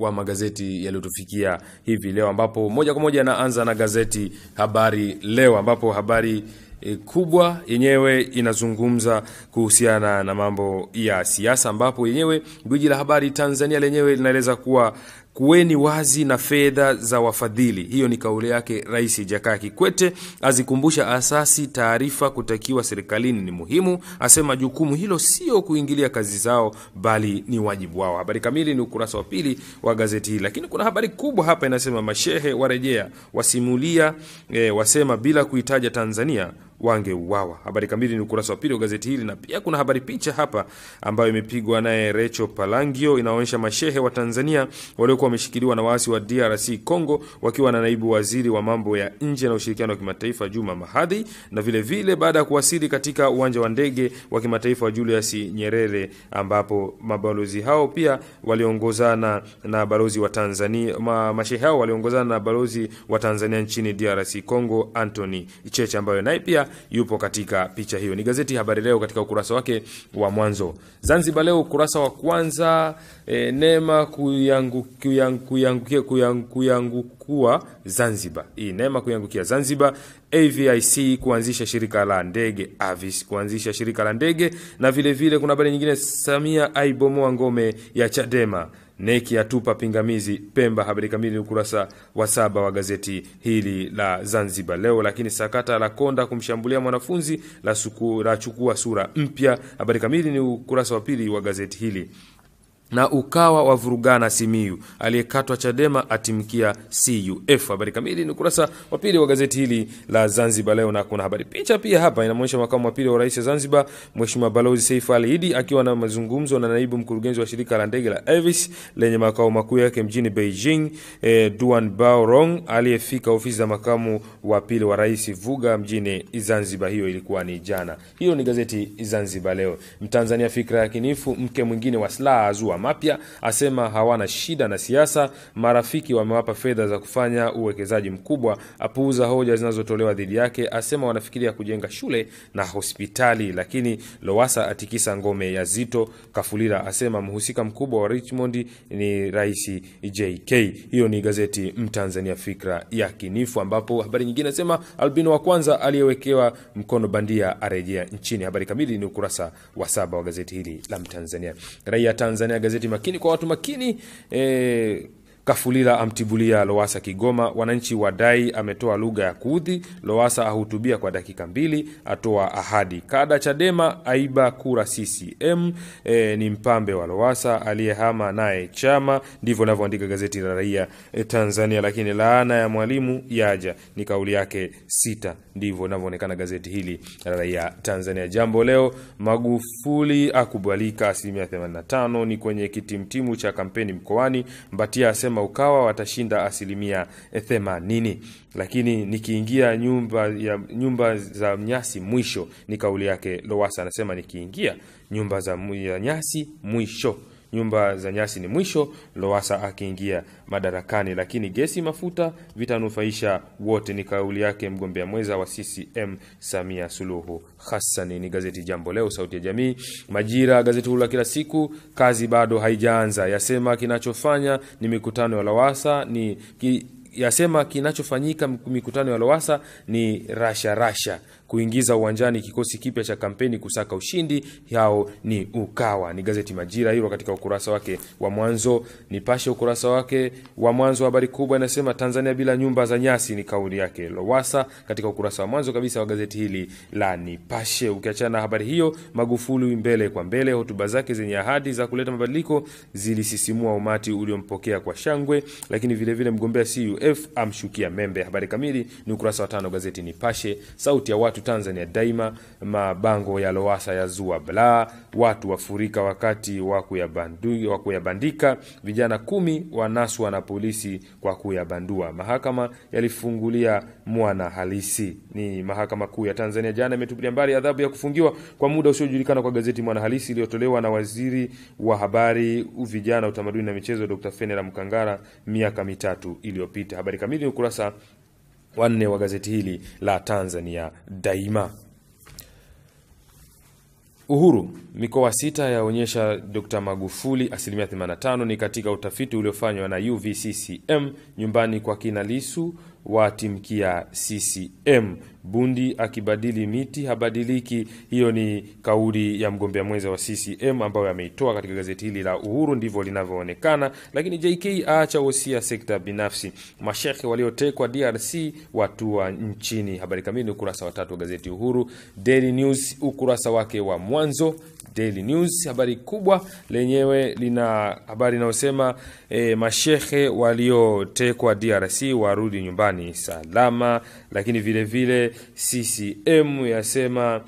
wa magazeti yaliyotufikia hivi leo, ambapo moja kwa moja naanza na gazeti Habari Leo, ambapo habari e, kubwa yenyewe inazungumza kuhusiana na mambo ya siasa, ambapo yenyewe gwiji la habari Tanzania lenyewe linaeleza kuwa kuweni wazi na fedha za wafadhili. Hiyo ni kauli yake Rais Jakaya Kikwete, azikumbusha asasi taarifa kutakiwa serikalini ni muhimu, asema jukumu hilo sio kuingilia kazi zao, bali ni wajibu wao. Habari kamili ni ukurasa wa pili wa gazeti hili, lakini kuna habari kubwa hapa inasema, mashehe warejea wasimulia e, wasema bila kuitaja Tanzania wangeuawa. Habari kamili ni ukurasa wa pili wa gazeti hili, na pia kuna habari picha hapa ambayo imepigwa naye Recho Palangio, inaonyesha mashehe wa Tanzania waliokuwa wameshikiliwa na waasi wa DRC Congo wakiwa na naibu waziri wa mambo ya nje na ushirikiano wa kimataifa Juma Mahadhi, na vilevile baada ya kuwasili katika uwanja wa ndege wa kimataifa wa Julius Nyerere, ambapo mabalozi hao pia waliongozana na balozi wa Tanzania ma, mashehe hao waliongozana na balozi wa Tanzania nchini DRC Congo Anthony Cheche, ambayo naye pia yupo katika picha hiyo. Ni gazeti Habari Leo katika ukurasa wake wa mwanzo. Zanzibar Leo ukurasa wa kwanza e, neema kuyangu, kuyangu, kuyangukia kuyangu, kuyangu, kuwa Zanzibar. Hii neema kuyangukia Zanzibar. AVIC kuanzisha shirika la ndege Avis kuanzisha shirika la ndege na vile vile kuna habari nyingine, Samia aibomoa ngome ya Chadema neki atupa pingamizi Pemba. Habari kamili ni ukurasa wa saba wa gazeti hili la Zanzibar Leo. Lakini sakata la Konda kumshambulia mwanafunzi la, la chukua sura mpya. Habari kamili ni ukurasa wa pili wa gazeti hili na ukawa wavurugana simiu aliyekatwa Chadema atimkia CUF. Habari kamili ni ukurasa wa pili wa gazeti hili la Zanzibar Leo, na kuna habari picha pia hapa inamwonyesha makamu wa pili wa rais wa Zanzibar Mheshimiwa Balozi Seif Ali Idi akiwa na mazungumzo na naibu mkurugenzi wa shirika la ndege la Avis lenye makao makuu yake mjini Beijing, e, Duan Baorong aliyefika ofisi za makamu wa pili wa rais Vuga mjini Zanzibar. Hiyo ilikuwa ni jana. Hiyo ni gazeti Zanzibar Leo. Mtanzania fikra ya kinifu, mke mwingine wa Slaa azua mapya, asema hawana shida na siasa, marafiki wamewapa fedha za kufanya uwekezaji mkubwa, apuuza hoja zinazotolewa dhidi yake, asema wanafikiria kujenga shule na hospitali. Lakini Lowasa atikisa ngome ya Zito. Kafulira asema mhusika mkubwa wa Richmond ni Rais JK. Hiyo ni gazeti Mtanzania Fikra ya Kinifu, ambapo habari nyingine asema albino wa kwanza aliyewekewa mkono bandia arejea nchini. Habari kamili ni ukurasa wa saba wa gazeti hili la Mtanzania Raia Tanzania magazeti makini kwa watu makini eh, Kafulila amtibulia Lowasa Kigoma, wananchi wadai ametoa lugha ya kuudhi. Lowasa ahutubia kwa dakika mbili, atoa ahadi. Kada Chadema aiba kura CCM. E, ni mpambe wa Lowasa aliyehama naye chama, ndivyo navyoandika gazeti la Raia e, Tanzania. Lakini laana ya mwalimu yaja, ni kauli yake sita, ndivyo linavyoonekana gazeti hili la Raia Tanzania. Jambo Leo, Magufuli akubalika asilimia 85, ni kwenye kitimtimu cha kampeni mkoani. Mbatia asema wanasema Ukawa watashinda asilimia themanini, lakini nikiingia nyumba ya nyumba za nyasi mwisho, ni kauli yake Lowasa, anasema nikiingia nyumba za ya nyasi mwisho nyumba za nyasi ni mwisho, loasa akiingia madarakani. Lakini gesi, mafuta vitanufaisha wote, ni kauli yake mgombea mweza wa CCM Samia Suluhu Hassan. Ni gazeti Jambo Leo, sauti ya jamii. Majira, gazeti huru la kila siku. Kazi bado haijaanza, yasema kinachofanya ni mikutano ya Lowassa ni ki, yasema kinachofanyika mikutano ya lowasa ni rasharasha rasha kuingiza uwanjani kikosi kipya cha kampeni kusaka ushindi, yao ni Ukawa. Ni gazeti Majira hilo katika ukurasa wake wa mwanzo. Nipashe ukurasa wake wa mwanzo, habari kubwa inasema Tanzania bila nyumba za nyasi, ni kauli yake Lowasa katika ukurasa wa mwanzo kabisa wa gazeti hili la Nipashe. Ukiachana na habari hiyo, Magufuli mbele kwa mbele, hotuba zake zenye ahadi za kuleta mabadiliko zilisisimua umati uliompokea kwa shangwe, lakini vilevile mgombea CUF amshukia Membe. Habari kamili ni ukurasa wa tano gazeti Nipashe, sauti ya watu watu Tanzania Daima, mabango ya Lowasa ya zua bla watu wafurika wakati wa kuyabandika, vijana kumi wanaswa na polisi kwa kuyabandua. Mahakama yalifungulia mwana halisi. Ni mahakama kuu ya Tanzania jana imetupilia mbali adhabu ya kufungiwa kwa muda usiojulikana kwa gazeti Mwana Halisi iliyotolewa na waziri wa habari, vijana, utamaduni na michezo Dr. Fenera Mkangara miaka mitatu iliyopita. Habari kamili ukurasa wanne wa gazeti hili la Tanzania Daima. Uhuru, mikoa sita yaonyesha d Magufuli asilimia 85, ni katika utafiti uliofanywa na UVCCM nyumbani kwa kina Lisu watimkia CCM. Bundi akibadili miti habadiliki, hiyo ni kauli ya mgombea mwenza wa CCM ambayo ameitoa katika gazeti hili la Uhuru, ndivyo linavyoonekana. Lakini JK aacha wosia sekta binafsi, mashekhe waliotekwa DRC watua nchini. Habari kamili ni ukurasa wa tatu wa gazeti Uhuru. Daily News ukurasa wake wa mwanzo Daily News. Habari kubwa lenyewe lina habari inayosema e, mashehe waliotekwa DRC warudi nyumbani salama, lakini vile vile CCM yasema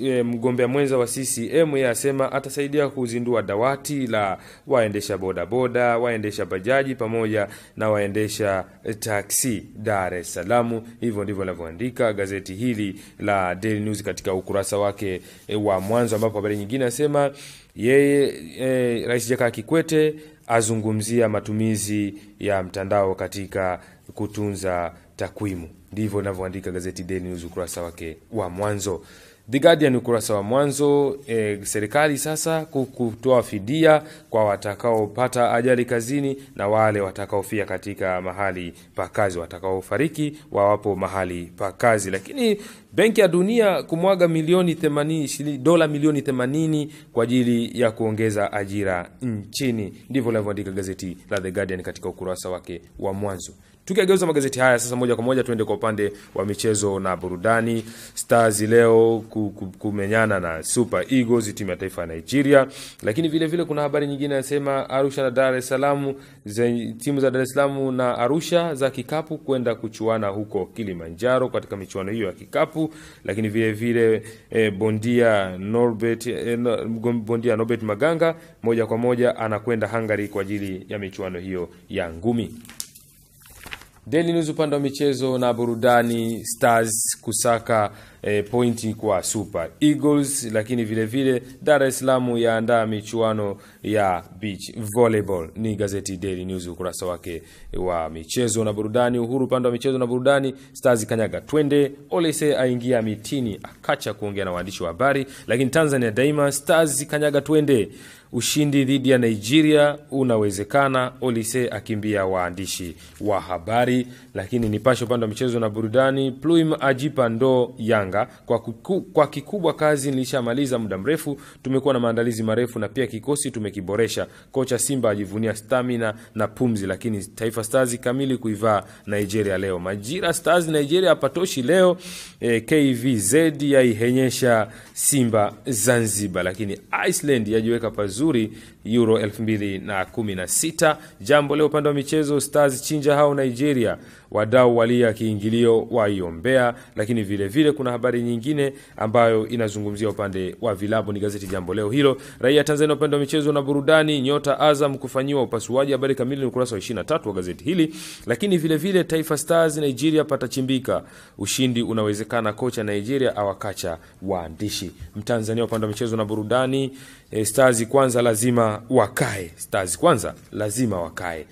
e, mgombea mwenza wa CCM yasema atasaidia kuzindua dawati la waendesha bodaboda, waendesha bajaji pamoja na waendesha eh, taksi Dar es Salaam. Hivyo ndivyo linavyoandika gazeti hili la Daily News katika ukurasa wake e, wa mwanzo ambapo habari nyingine inasema yeye e, Rais jakaa Kikwete azungumzia matumizi ya mtandao katika kutunza takwimu. Ndivyo inavyoandika gazeti News ukurasa wake wa mwanzo. The Guardian ukurasa wa mwanzo e, serikali sasa kutoa fidia kwa watakaopata ajali kazini na wale watakaofia katika mahali pa kazi, watakaofariki wawapo mahali pa kazi. Lakini Benki ya Dunia kumwaga milioni 80 dola milioni 80 kwa ajili ya kuongeza ajira nchini. Ndivyo linavyoandika gazeti la The Guardian katika ukurasa wake wa mwanzo. Tukiageuza magazeti haya sasa moja kwa moja tuende kwa upande wa michezo na burudani. Stars leo kumenyana na Super Eagles, timu ya taifa ya Nigeria, lakini vile vile kuna habari nyingine inasema Arusha na Dar es Salaam, timu za Dar es Salaam na Arusha za kikapu kwenda kuchuana huko Kilimanjaro katika michuano hiyo ya kikapu lakini vile vile e, bondia Norbert e, bondia Norbert Maganga moja kwa moja anakwenda Hungary kwa ajili ya michuano hiyo ya ngumi. Daily News upande wa michezo na burudani, Stars kusaka e, pointi kwa Super Eagles, lakini vilevile Dar es Salaam yaandaa michuano ya beach volleyball. Ni gazeti Daily News ukurasa wake wa michezo na burudani. Uhuru upande wa michezo na burudani, Stars kanyaga twende, Olise aingia mitini akacha kuongea na waandishi wa habari. Lakini Tanzania Daima, Stars kanyaga twende ushindi dhidi ya Nigeria unawezekana, Olise akimbia waandishi wa habari. Lakini Nipashe upande wa michezo na burudani, Pluim ajipa ndoo Yanga Tanga kwa, kuku, kwa kikubwa kazi nilishamaliza muda mrefu, tumekuwa na maandalizi marefu na pia kikosi tumekiboresha. Kocha Simba ajivunia stamina na pumzi, lakini Taifa Stars kamili kuivaa Nigeria leo. Majira Stars Nigeria hapatoshi leo. E, eh, KVZ yaihenyesha Simba Zanzibar, lakini Iceland yajiweka pazuri Euro 2016. Jambo leo upande wa michezo, Stars chinja hao Nigeria, wadau walia kiingilio waiombea. Lakini vile vile kuna habari nyingine ambayo inazungumzia upande wa vilabu, ni gazeti Jambo Leo hilo. Raia Tanzania, upande wa michezo na burudani, nyota Azam kufanyiwa upasuaji, habari kamili ni ukurasa wa 23 wa gazeti hili. Lakini vile vile, Taifa Stars Nigeria patachimbika, ushindi unawezekana, kocha Nigeria awakacha waandishi. Mtanzania, upande wa michezo na burudani, eh, Stars kwanza lazima wakae. Stars kwanza lazima wakae.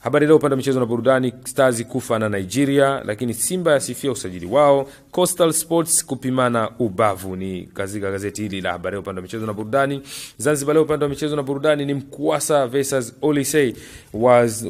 Habari leo upande wa michezo na burudani, Stars kufa na Nigeria, lakini Simba yasifia usajili wao. Coastal Sports kupimana ubavu, ni kazika gazeti hili la habari upande wa michezo na burudani. Zanzibar Leo upande wa michezo na burudani ni Mkwasa versus Olisei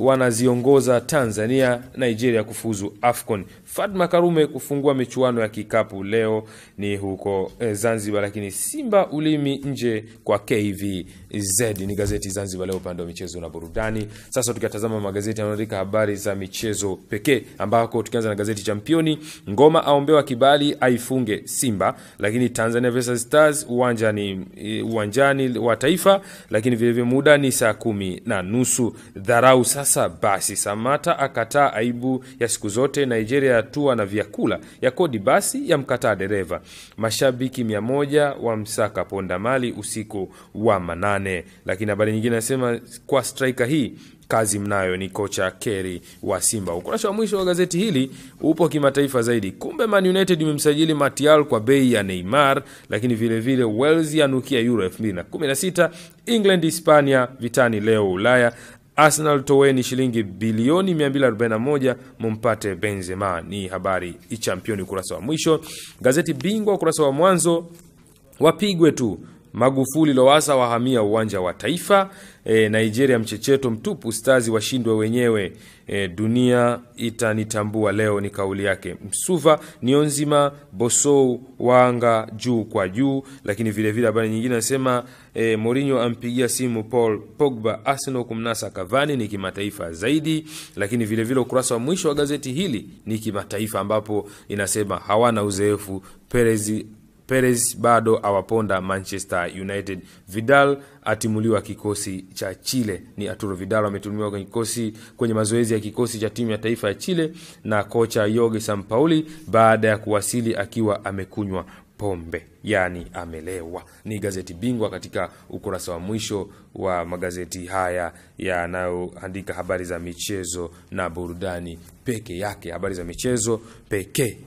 wanaziongoza Tanzania, Nigeria kufuzu AFCON. Fadma Karume kufungua michuano ya kikapu leo ni huko eh, Zanzibar, lakini Simba ulimi nje kwa KVZ. Ni gazeti Zanzibar Leo upande wa michezo na burudani. Sasa tukiatazama magazeti yanayoandika habari za michezo pekee, ambako tukianza na gazeti Championi, Ngoma aombewa ki kibali aifunge Simba, lakini Tanzania vs Stars uwanjani, e, uwanjani wa Taifa, lakini vilevile muda ni saa kumi na nusu. Dharau sasa basi, Samata akataa aibu ya siku zote, Nigeria yatua na vyakula ya kodi basi yamkataa dereva, mashabiki mia moja wa msaka ponda mali usiku wa manane. Lakini habari nyingine nasema kwa striker hii kazi mnayo ni kocha Kerry wa Simba. Ukurasa wa mwisho wa gazeti hili upo kimataifa zaidi. Kumbe Man United imemsajili Martial kwa bei ya Neymar, lakini vilevile Wales yanukia Euro 2016. England Hispania vitani leo Ulaya. Arsenal toweni shilingi bilioni 241 mumpate Benzema. Ni habari championi, ukurasa wa mwisho. Gazeti Bingwa ukurasa wa mwanzo, wapigwe tu Magufuli, Lowasa wahamia uwanja wa Taifa. E, Nigeria mchecheto mtupu, stazi washindwe wenyewe. E, dunia itanitambua leo ni kauli yake. Msuva Nionzima Bosou wanga juu kwa juu, lakini vilevile habari vile nyingine anasema e, Mourinho ampigia simu Paul Pogba, Arsenal kumnasa Cavani ni kimataifa zaidi. Lakini vilevile vile ukurasa wa mwisho wa gazeti hili ni kimataifa, ambapo inasema hawana uzoefu Perez Perez bado awaponda Manchester United. Vidal atimuliwa kikosi cha Chile. Ni Arturo Vidal ametumiwa kwenye kikosi kwenye mazoezi ya kikosi cha timu ya taifa ya Chile na kocha Jorge Sampaoli baada ya kuwasili akiwa amekunywa pombe, yani amelewa. Ni gazeti bingwa katika ukurasa wa mwisho wa magazeti haya yanayoandika habari za michezo na burudani peke yake, habari za michezo pekee.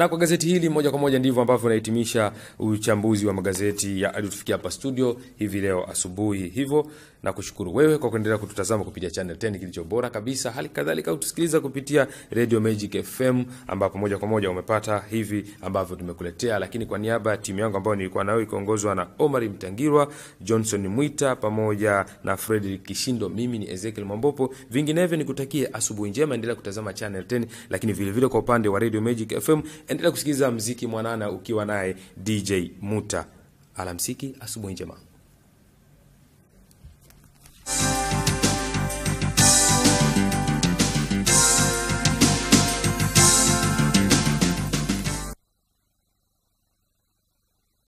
Na kwa gazeti hili moja kwa moja ndivyo ambavyo unahitimisha uchambuzi wa magazeti ya yaliyotufikia hapa studio hivi leo asubuhi. Hivyo na kushukuru wewe kwa kuendelea kututazama kupitia Channel 10 kilicho bora kabisa, hali kadhalika utusikiliza kupitia Radio Magic FM, ambapo moja kwa moja umepata hivi ambavyo tumekuletea. Lakini kwa niaba ya timu yangu ambayo nilikuwa nayo ikiongozwa na Omari Mtangirwa, Johnson Mwita pamoja na Frederick Kishindo, mimi ni Ezekiel Mambopo. Vinginevyo nikutakie asubuhi njema, endelea kutazama Channel 10, lakini vilevile vile kwa upande wa Radio Magic FM Endelea kusikiliza mziki mwanana ukiwa naye DJ Muta. Alamsiki, asubuhi njema.